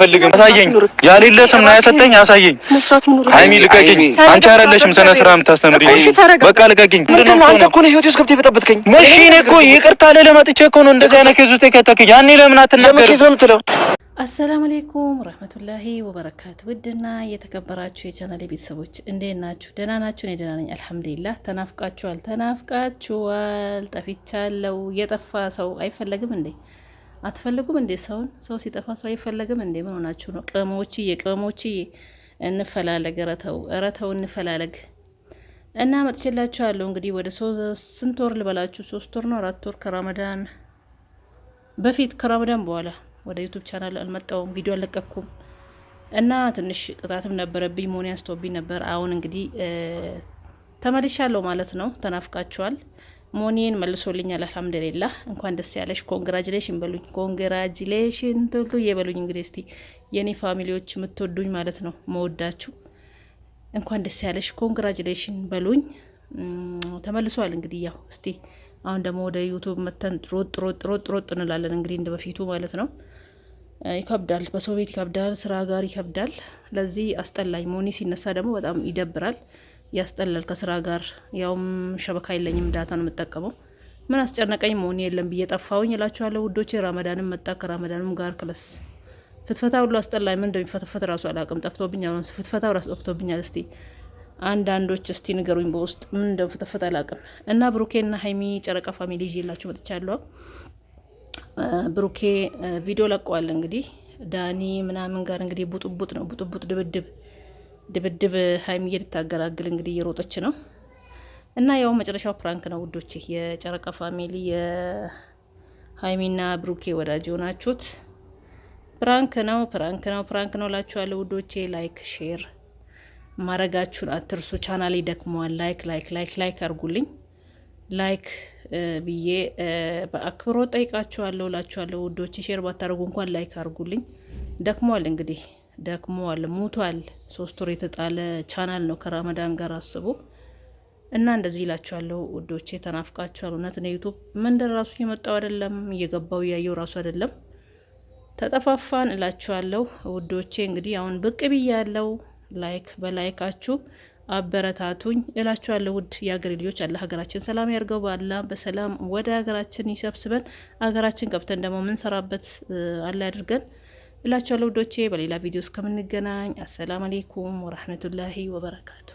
ፈልግም አሳየኝ። ያሌለ ስም ነው ያሰጠኝ። አሳየኝ። ሀይሚ ልቀቂኝ። አንቺ አይደለሽም ስነ ስራ የምታስተምሪ። በቃ ልቀቅኝ። አንተ እኮ ነው ህይወት ውስጥ ገብተህ የበጠበጥከኝ። እሺ እኮ ይቅርታ ልልህ መጥቼ እኮ ነው እንደዚህ አይነት ኬዝ ውስጥ የከተከኝ። ያኔ ለምን አትናገርም? አሰላሙ አለይኩም ረህመቱላሂ ወበረካቱ። ውድና የተከበራችሁ የቻናል ቤተሰቦች እንዴት ናችሁ? ደህና ናችሁ? እኔ ደህና ነኝ አልሐምዱሊላህ። ተናፍቃችኋል፣ ተናፍቃችኋል። ጠፍቻለሁ። የጠፋ ሰው አይፈለግም እንዴ? አትፈልጉም እንዴ ሰውን? ሰው ሲጠፋ ሰው አይፈለግም እንዴ? ምን ሆናችሁ ነው? ቅመሞችዬ ቅመሞችዬ፣ እንፈላለግ፣ ረተው ረተው እንፈላለግ እና መጥቼላችኋለሁ። እንግዲህ ወደ ስንት ወር ልበላችሁ? ሶስት ወር ነው አራት ወር ከረመዳን በፊት ከረመዳን በኋላ ወደ ዩቱብ ቻናል አልመጣውም፣ ቪዲዮ አልለቀኩም እና ትንሽ ቅጣትም ነበረብኝ፣ መሆን ያስቶብኝ ነበር። አሁን እንግዲህ ተመልሻለሁ ማለት ነው። ተናፍቃችኋል። ሞኒን መልሶልኛል። አልሐምዱሊላ እንኳን ደስ ያለሽ ኮንግራጅሌሽን በሉኝ። ኮንግራጅሌሽን ቶሎ እየበሉኝ እንግዲህ እስቲ የኔ ፋሚሊዎች የምትወዱኝ ማለት ነው መወዳችሁ እንኳን ደስ ያለሽ ኮንግራጅሌሽን በሉኝ። ተመልሷል እንግዲህ ያው እስቲ አሁን ደግሞ ወደ ዩቱብ መተን ሮጥ ሮጥ ሮጥ ሮጥ እንላለን እንግዲህ እንደ በፊቱ ማለት ነው። ይከብዳል፣ በሰው ቤት ይከብዳል፣ ስራ ጋር ይከብዳል። ለዚህ አስጠላኝ። ሞኒ ሲነሳ ደግሞ በጣም ይደብራል። ያስጠላል። ከስራ ጋር ያውም ሸበካ የለኝም፣ ዳታ ነው የምጠቀመው። ምን አስጨነቀኝ መሆን የለም ብዬ ጠፋውኝ እላችኋለሁ ውዶቼ። ራመዳንም መጣ። ከራመዳንም ጋር ክለስ ፍትፈታ ሁሉ አስጠላኝ። ምን እንደሚፈተፈት ራሱ አላውቅም፣ ጠፍቶብኛል። ፍትፈታ ራሱ ጠፍቶብኛል። እስቲ አንዳንዶች እስቲ ንገሩኝ በውስጥ ምን እንደምፈተፈት አላውቅም። እና ብሩኬና ሀይሚ ጨረቃ ፋሚሊ ይዤላችሁ መጥቻለሁ። ብሩኬ ቪዲዮ ለቀዋል እንግዲህ ዳኒ ምናምን ጋር እንግዲህ ቡጥቡጥ ነው ቡጥቡጥ ድብድብ ድብድብ ሀይሚዬ ልታገላግል እንግዲህ እየሮጠች ነው እና ያው መጨረሻው ፕራንክ ነው ውዶቼ። የጨረቃ ፋሚሊ የሀይሚና ብሩኬ ወዳጅ የሆናችሁት ፕራንክ ነው ፕራንክ ነው ፕራንክ ነው ላችኋለሁ ውዶቼ። ላይክ ሼር ማድረጋችሁን አትርሱ። ቻናል ደክመዋል። ላይክ ላይክ ላይክ ላይክ አድርጉልኝ። ላይክ ብዬ በአክብሮ ጠይቃችኋለሁ ላችኋለሁ ውዶቼ። ሼር ባታደርጉ እንኳን ላይክ አድርጉልኝ። ደክመዋል እንግዲህ ደክሟል፣ ሞቷል። ሶስት ወር የተጣለ ቻናል ነው ከረመዳን ጋር አስቡ እና እንደዚህ ይላችኋለሁ ውዶቼ፣ ተናፍቃችኋል። እውነት ነው ዩቱብ መንደር ራሱ እየመጣው አይደለም፣ እየገባው እያየው ራሱ አይደለም። ተጠፋፋን እላችኋለሁ ውዶቼ። እንግዲህ አሁን ብቅ ብዬ ያለው ላይክ በላይካችሁ አበረታቱኝ እላችኋለሁ። ውድ የሀገሬ ልጆች አለ ሀገራችን ሰላም ያርገው፣ ባላ በሰላም ወደ ሀገራችን ይሰብስበን። ሀገራችን ገብተን ደግሞ ምንሰራበት አለ ያድርገን። እላቸዋለሁ። ውዶቼ በሌላ ቪዲዮ እስከምንገናኝ አሰላም አሌይኩም ወራህመቱላሂ ወበረካቱ።